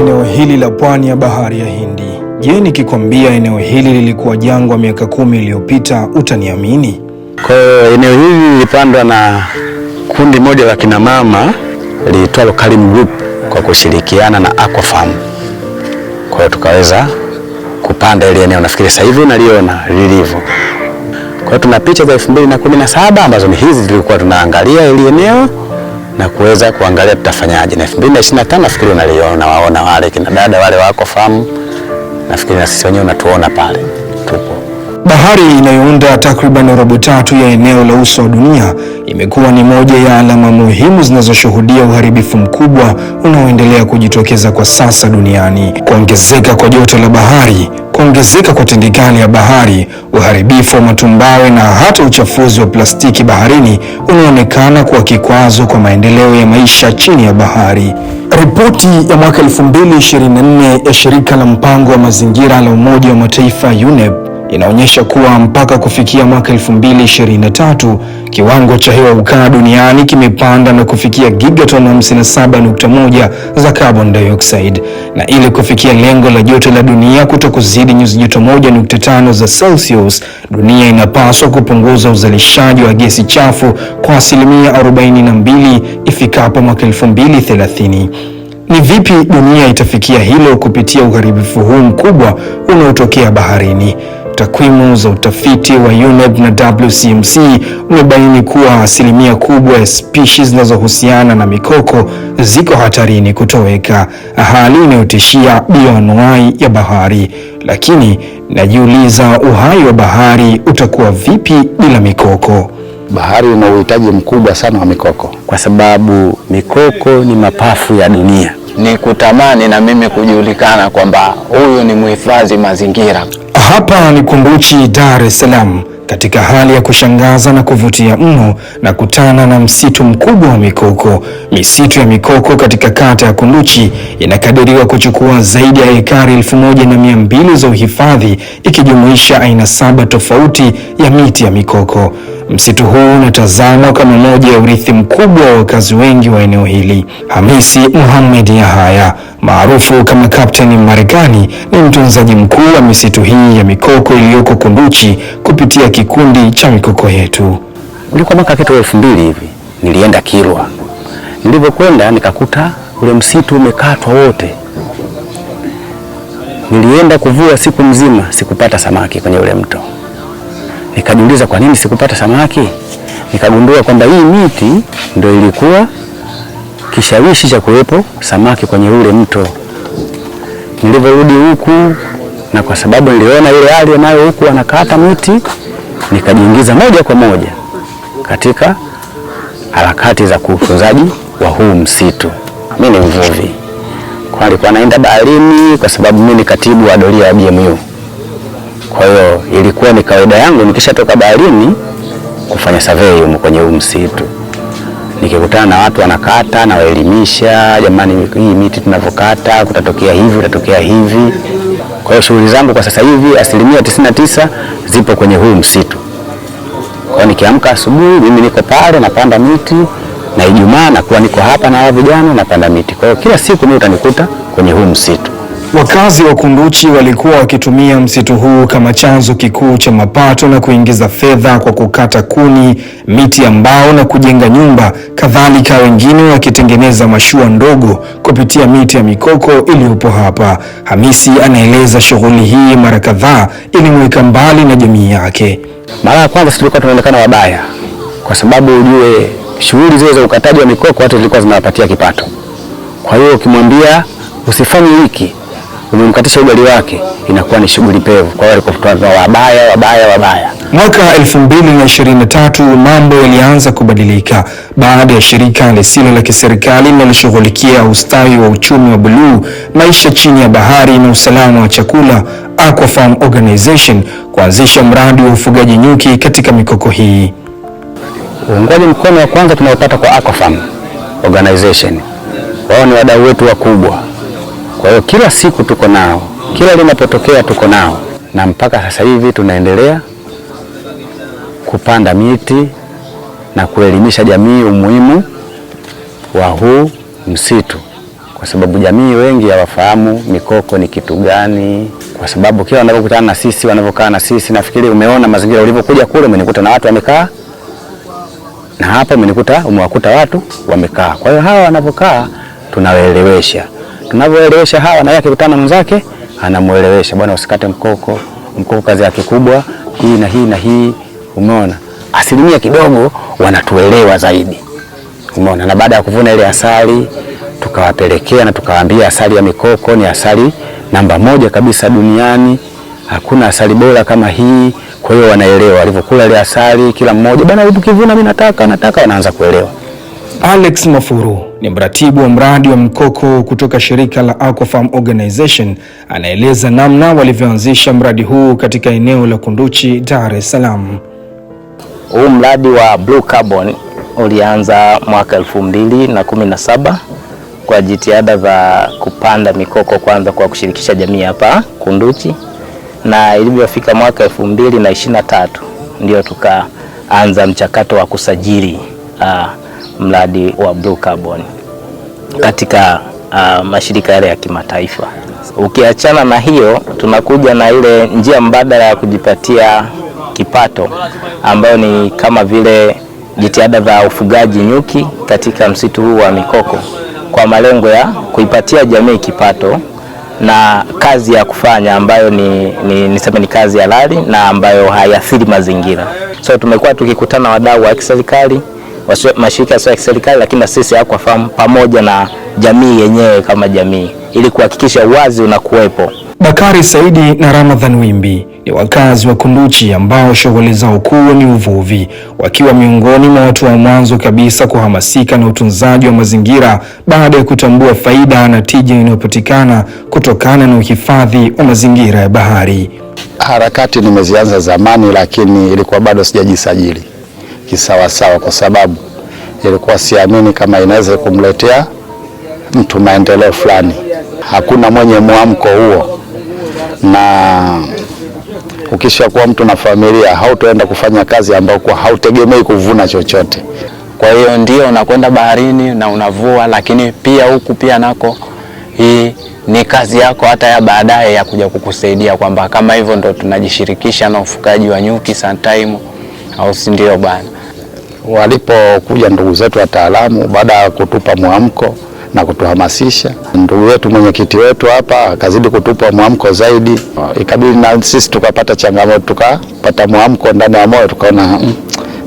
eneo hili la pwani ya bahari ya Hindi. Je, nikikwambia eneo hili lilikuwa jangwa miaka kumi iliyopita utaniamini? Kwa hiyo eneo hili lilipandwa na kundi moja la kinamama liitwalo Karim Group kwa kushirikiana na Aquafarm. Kwa hiyo tukaweza kupanda ile eneo, nafikiri sasa hivi naliona lilivyo. Kwa hiyo tuna picha za 2017 ambazo ni hizi zilikuwa tunaangalia ile eneo na kuweza kuangalia tutafanyaje. Na 2025 nafikiri unaliona, waona wale kina dada wale wako famu, nafikiri na sisi wenyewe unatuona pale tupo. Bahari inayounda takriban robo tatu ya eneo la uso wa dunia imekuwa ni moja ya alama muhimu zinazoshuhudia uharibifu mkubwa unaoendelea kujitokeza kwa sasa duniani. Kuongezeka kwa joto la bahari, kuongezeka kwa tindikali ya bahari, uharibifu wa matumbawe na hata uchafuzi wa plastiki baharini unaonekana kuwa kikwazo kwa maendeleo ya maisha chini ya bahari. Ripoti ya mwaka 2024 ya shirika la mpango wa mazingira la Umoja wa Mataifa UNEP inaonyesha kuwa mpaka kufikia mwaka 2023 kiwango cha hewa ukaa duniani kimepanda na kufikia gigatoni 57.1 za carbon dioxide, na ili kufikia lengo la joto la dunia kutokuzidi nyuzi joto 1.5 za Celsius, dunia inapaswa kupunguza uzalishaji wa gesi chafu kwa asilimia 42 ifikapo mwaka 2030. Ni vipi dunia itafikia hilo kupitia uharibifu huu mkubwa unaotokea baharini? takwimu za utafiti wa UNEP na WCMC umebaini kuwa asilimia kubwa ya spishi zinazohusiana na mikoko ziko hatarini kutoweka, hali inayotishia bioanuai ya bahari. Lakini najiuliza, uhai wa bahari utakuwa vipi bila mikoko? Bahari ina uhitaji mkubwa sana wa mikoko, kwa sababu mikoko ni mapafu ya dunia. Ni kutamani na mimi kujulikana kwamba huyu ni mhifadhi mazingira. Hapa ni Kunduchi, Dar es Salaam katika hali ya kushangaza na kuvutia mno na kutana na msitu mkubwa wa mikoko. Misitu ya mikoko katika kata ya Kunduchi inakadiriwa kuchukua zaidi ya ekari elfu moja na mia mbili za uhifadhi ikijumuisha aina saba tofauti ya miti ya mikoko. Msitu huu unatazamwa kama moja ya urithi mkubwa wa wakazi wengi wa eneo hili. Hamisi Muhammad Yahaya maarufu kama Kapteni Marekani ni mtunzaji mkuu wa misitu hii ya mikoko iliyoko Kunduchi kupitia kikundi cha mikoko yetu. Ulikuwa mwaka kitu elfu mbili hivi, nilienda Kilwa. Nilivyokwenda nikakuta ule msitu umekatwa wote. Nilienda kuvua siku mzima, sikupata samaki kwenye ule mto. Nikajiuliza kwa nini sikupata samaki, nikagundua kwamba hii miti ndio ilikuwa kishawishi cha kuwepo samaki kwenye ule mto. Nilivyorudi huku, na kwa sababu niliona hali nayo huku anakata miti nikajiingiza moja kwa moja katika harakati za kuutunzaji wa huu msitu. Mimi ni mvuvi, kwa alikuwa naenda baharini kwa sababu mimi ni katibu wa doria ya BMU. Kwa hiyo ilikuwa ni kawaida yangu nikishatoka baharini kufanya survey huko kwenye huu msitu, nikikutana na watu wanakata, nawaelimisha, jamani, hii miti tunavyokata kutatokea hivi, kutatokea hivi kwa hiyo shughuli zangu kwa sasa hivi asilimia tisini na tisa zipo kwenye huu msitu. Kwa hiyo nikiamka asubuhi, mimi niko pale napanda miti na Ijumaa nakuwa niko hapa na hawa vijana napanda miti. Kwa hiyo kila siku mimi utanikuta kwenye huu msitu. Wakazi wa Kunduchi walikuwa wakitumia msitu huu kama chanzo kikuu cha mapato na kuingiza fedha kwa kukata kuni, miti ya mbao na kujenga nyumba. Kadhalika, wengine wakitengeneza mashua ndogo kupitia miti ya mikoko iliyopo hapa. Hamisi anaeleza shughuli hii mara kadhaa ilimweka mbali na jamii yake. Mara ya kwanza tulikuwa tunaonekana wabaya, kwa sababu ujue shughuli zile za ukataji wa mikoko watu zilikuwa zinawapatia kipato. Kwa hiyo ukimwambia usifanye hiki umemkatisha ugali wake, inakuwa ni shughuli pevu. Kwa hiyo wabaya wabaya wabaya. Mwaka 2023 mambo yalianza kubadilika baada ya shirika lisilo la kiserikali linaloshughulikia ustawi wa uchumi wa buluu, maisha chini ya bahari na usalama wa chakula Aquafarm Organization kuanzisha mradi wa ufugaji nyuki katika mikoko hii. Uungaji mkono wa kwanza tunaopata kwa Aquafarm Organization, wao ni wadau wetu wakubwa kwa hiyo kila siku tuko nao, kila linapotokea tuko nao, na mpaka sasa hivi tunaendelea kupanda miti na kuelimisha jamii umuhimu wa huu msitu, kwa sababu jamii wengi hawafahamu mikoko ni kitu gani, kwa sababu kila wanapokutana na sisi, wanavyokaa na sisi. Nafikiri umeona mazingira ulivyokuja kule, umenikuta na watu wamekaa, na hapa umenikuta umewakuta watu wamekaa. Kwa hiyo hawa wanavyokaa tunawaelewesha anavyoelewesha hawa na yeye akikutana mwenzake anamuelewesha, bwana, usikate mkoko, mkoko kazi yake kubwa hii na hii na hii. Umeona, asilimia kidogo wanatuelewa zaidi, umeona. Na baada ya kuvuna ile asali tukawapelekea na tukawaambia asali ya mikoko ni asali namba moja kabisa duniani, hakuna asali bora kama hii. Kwa hiyo wanaelewa, walivyokula ile asali, kila mmoja bwana, ukivuna mimi nataka nataka, wanaanza kuelewa. Alex Mafuru ni mratibu wa mradi wa mkoko kutoka shirika la Aquafarm Organization, anaeleza namna walivyoanzisha mradi huu katika eneo la Kunduchi, Dar es Salaam. Huu mradi wa Blue Carbon ulianza mwaka 2017 kwa jitihada za kupanda mikoko kwanza kwa kushirikisha jamii hapa Kunduchi, na ilivyofika mwaka 2023 ndio tukaanza mchakato wa kusajili aa, ah, mradi wa Blue Carbon katika uh, mashirika yale ya kimataifa. Ukiachana na hiyo, tunakuja na ile njia mbadala ya kujipatia kipato ambayo ni kama vile jitihada za ufugaji nyuki katika msitu huu wa mikoko kwa malengo ya kuipatia jamii kipato na kazi ya kufanya ambayo ni, ni, niseme ni kazi halali na ambayo haiathiri mazingira. So tumekuwa tukikutana wadau wa kiserikali mashirika yasiyo ya kiserikali, lakini sisi ya Aquafarm pamoja na jamii yenyewe kama jamii, ili kuhakikisha uwazi unakuwepo. Bakari Saidi na Ramadhan Wimbi ni wakazi wa Kunduchi ambao shughuli zao kuu ni uvuvi, wakiwa miongoni mwa watu wa mwanzo kabisa kuhamasika na utunzaji wa mazingira baada ya kutambua faida na tija inayopatikana kutokana na uhifadhi wa mazingira ya bahari. Harakati nimezianza zamani, lakini ilikuwa bado sijajisajili kisawasawa, kwa sababu ilikuwa siamini kama inaweza kumletea mtu maendeleo fulani. Hakuna mwenye mwamko huo, na ukishakuwa mtu na familia hautaenda kufanya kazi ambayo kwa hautegemei kuvuna chochote. Kwa hiyo ndio unakwenda baharini na unavua, lakini pia huku pia nako hii ni kazi yako hata ya baadaye ya kuja kukusaidia, kwamba kama hivyo ndo tunajishirikisha na ufugaji wa nyuki sometime, au si ndio bwana? walipokuja ndugu zetu wataalamu, baada ya kutupa mwamko na kutuhamasisha, ndugu wetu mwenyekiti wetu hapa akazidi kutupa mwamko zaidi, ikabidi na sisi tukapata changamoto, tukapata mwamko ndani ya moyo, tukaona hmm,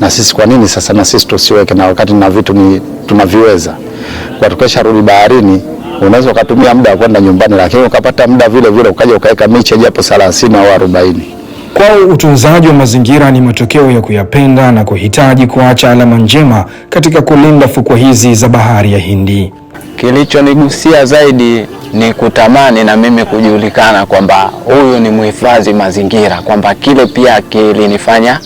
na sisi kwa nini sasa na sisi tusiweke, na wakati na vitu ni tunaviweza. Kwa tukesha rudi baharini, unaweza ukatumia muda wa kwenda nyumbani, lakini ukapata muda vile vile ukaja ukaweka miche japo 30 au arobaini. Kwao utunzaji wa mazingira ni matokeo ya kuyapenda na kuhitaji kuacha alama njema katika kulinda fukwe hizi za bahari ya Hindi. Kilichonigusia zaidi ni kutamani na mimi kujulikana kwamba huyu ni mhifadhi mazingira, kwamba kile pia kilinifanya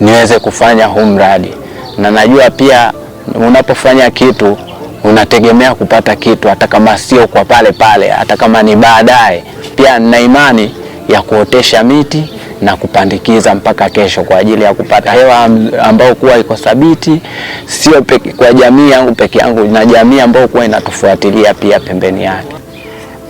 niweze kufanya huu mradi, na najua pia unapofanya kitu unategemea kupata kitu, hata kama sio kwa pale pale, hata kama ni baadaye. Pia nina imani ya kuotesha miti na kupandikiza mpaka kesho kwa ajili ya kupata hewa ambayo kuwa iko thabiti, sio kwa jamii yangu peke yangu, na jamii ambayo kuwa inatufuatilia pia pembeni yake.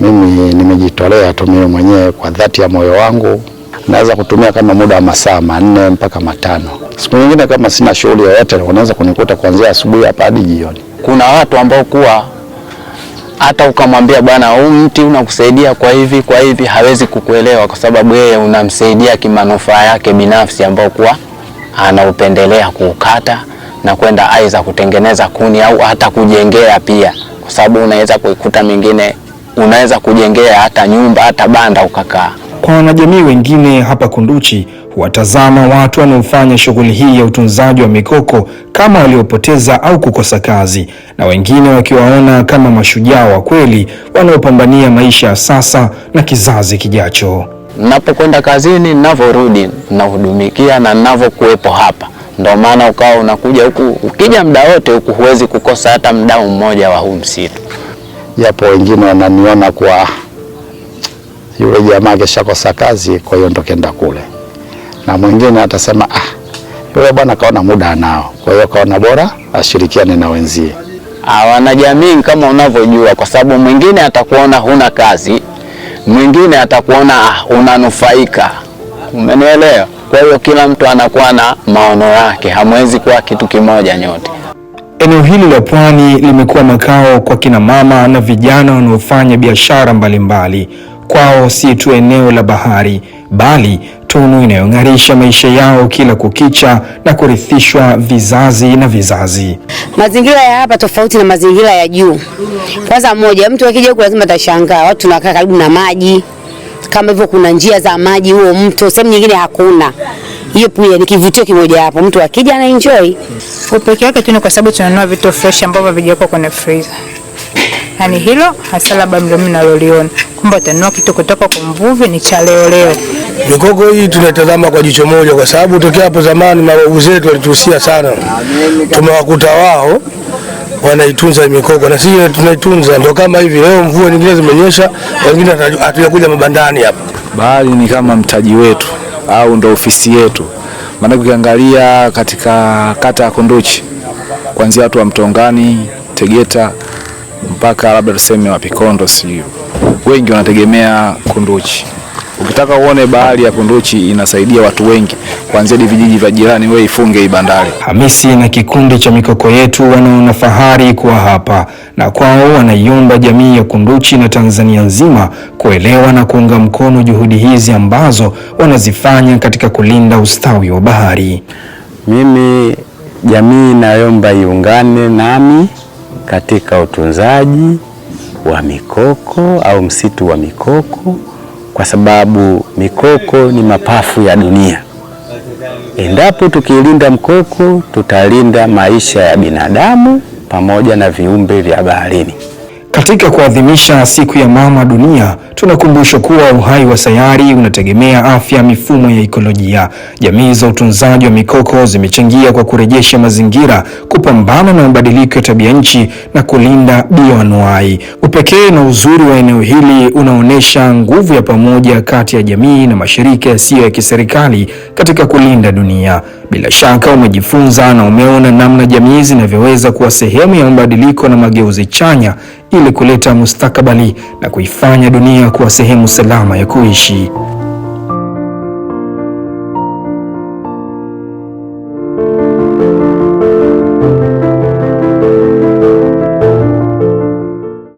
Mimi nimejitolea tu mimi mwenyewe kwa dhati ya moyo wangu, naweza kutumia kama muda wa masaa manne mpaka matano. Siku nyingine kama sina shughuli yoyote, unaweza kunikuta kuanzia asubuhi hapa hadi jioni. Kuna watu ambao kuwa hata ukamwambia bwana, huu mti unakusaidia kwa hivi kwa hivi, hawezi kukuelewa kwa sababu yeye unamsaidia kimanufaa yake binafsi, ambao kuwa anaupendelea kuukata na kwenda aiza kutengeneza kuni au hata kujengea pia, kwa sababu unaweza kuikuta mingine, unaweza kujengea hata nyumba hata banda ukakaa. Kwa wanajamii wengine hapa Kunduchi kuwatazama watu wanaofanya shughuli hii ya utunzaji wa mikoko kama waliopoteza au kukosa kazi, na wengine wakiwaona kama mashujaa wa kweli wanaopambania maisha ya sasa na kizazi kijacho. Ninapokwenda kazini, ninavyorudi, ninahudumikia na ninavyokuwepo hapa ndio maana ukawa unakuja huku, ukija muda wote huku huwezi kukosa hata mdao mmoja wa huu msitu, japo wengine wananiona kwa yule jamaa akishakosa kazi, kwa hiyo ndo kenda kule na mwingine atasema ah, yule bwana kaona muda anao, kwa hiyo kaona bora ashirikiane na wenzie. Ah, wanajamii kama unavyojua, kwa sababu mwingine atakuona huna kazi, mwingine atakuona ah, unanufaika. Umenielewa? Kwa hiyo kila mtu anakuwa na maono yake, hamwezi kuwa kitu kimoja nyote. Eneo hili la pwani limekuwa makao kwa kina mama na vijana wanaofanya biashara mbalimbali. Kwao si tu eneo la bahari, bali tunu inayong'arisha maisha yao kila kukicha na kurithishwa vizazi na vizazi. Mazingira ya hapa tofauti na mazingira ya juu. Kwanza moja, mtu akija huku lazima atashangaa, watu tunakaa karibu na maji kama hivyo, kuna njia za maji, huo mto, sehemu nyingine hakuna. Hiyo pia ni kivutio kimoja hapo, mtu akija ana enjoy. Upekee wake tu ni kwa sababu tunanunua vitu fresh ambavyo havijakuwa kwenye freezer. Yaani hilo hasa labda mimi naloliona kwamba utanunua kitu kutoka kwa mvuvi ni cha leo leo. Mikoko hii tunaitazama kwa jicho moja, kwa sababu tokea hapo zamani mababu zetu walituhusia sana, tumewakuta wao wanaitunza mikoko na sisi tunaitunza. Ndio kama hivi leo mvua nyingine zimenyesha, wengine hatujakuja mabandani hapa. Bahari ni kama mtaji wetu au ndo ofisi yetu, maana ukiangalia katika kata ya Kunduchi kuanzia watu wa Mtongani, Tegeta mpaka labda tuseme Wapikondo, si wengi wanategemea Kunduchi. Ukitaka uone bahari ya Kunduchi inasaidia watu wengi, kuanzia vijiji vya jirani, wewe ifunge hii bandari. Hamisi na kikundi cha mikoko yetu wanaona fahari kuwa hapa na kwao wanaiomba jamii ya Kunduchi na Tanzania nzima kuelewa na kuunga mkono juhudi hizi ambazo wanazifanya katika kulinda ustawi wa bahari. Mimi jamii inayomba iungane nami katika utunzaji wa mikoko au msitu wa mikoko kwa sababu mikoko ni mapafu ya dunia. Endapo tukilinda mkoko, tutalinda maisha ya binadamu pamoja na viumbe vya baharini. Katika kuadhimisha siku ya mama dunia, tunakumbushwa kuwa uhai wa sayari unategemea afya mifumo ya ikolojia. Jamii za utunzaji wa mikoko zimechangia kwa kurejesha mazingira, kupambana na mabadiliko ya tabia nchi na kulinda bioanuai. Upekee na uzuri wa eneo hili unaonyesha nguvu ya pamoja kati ya jamii na mashirika yasiyo ya kiserikali katika kulinda dunia. Bila shaka umejifunza na umeona namna jamii zinavyoweza kuwa sehemu ya mabadiliko na mageuzi chanya ili kuleta mustakabali na kuifanya dunia kuwa sehemu salama ya kuishi.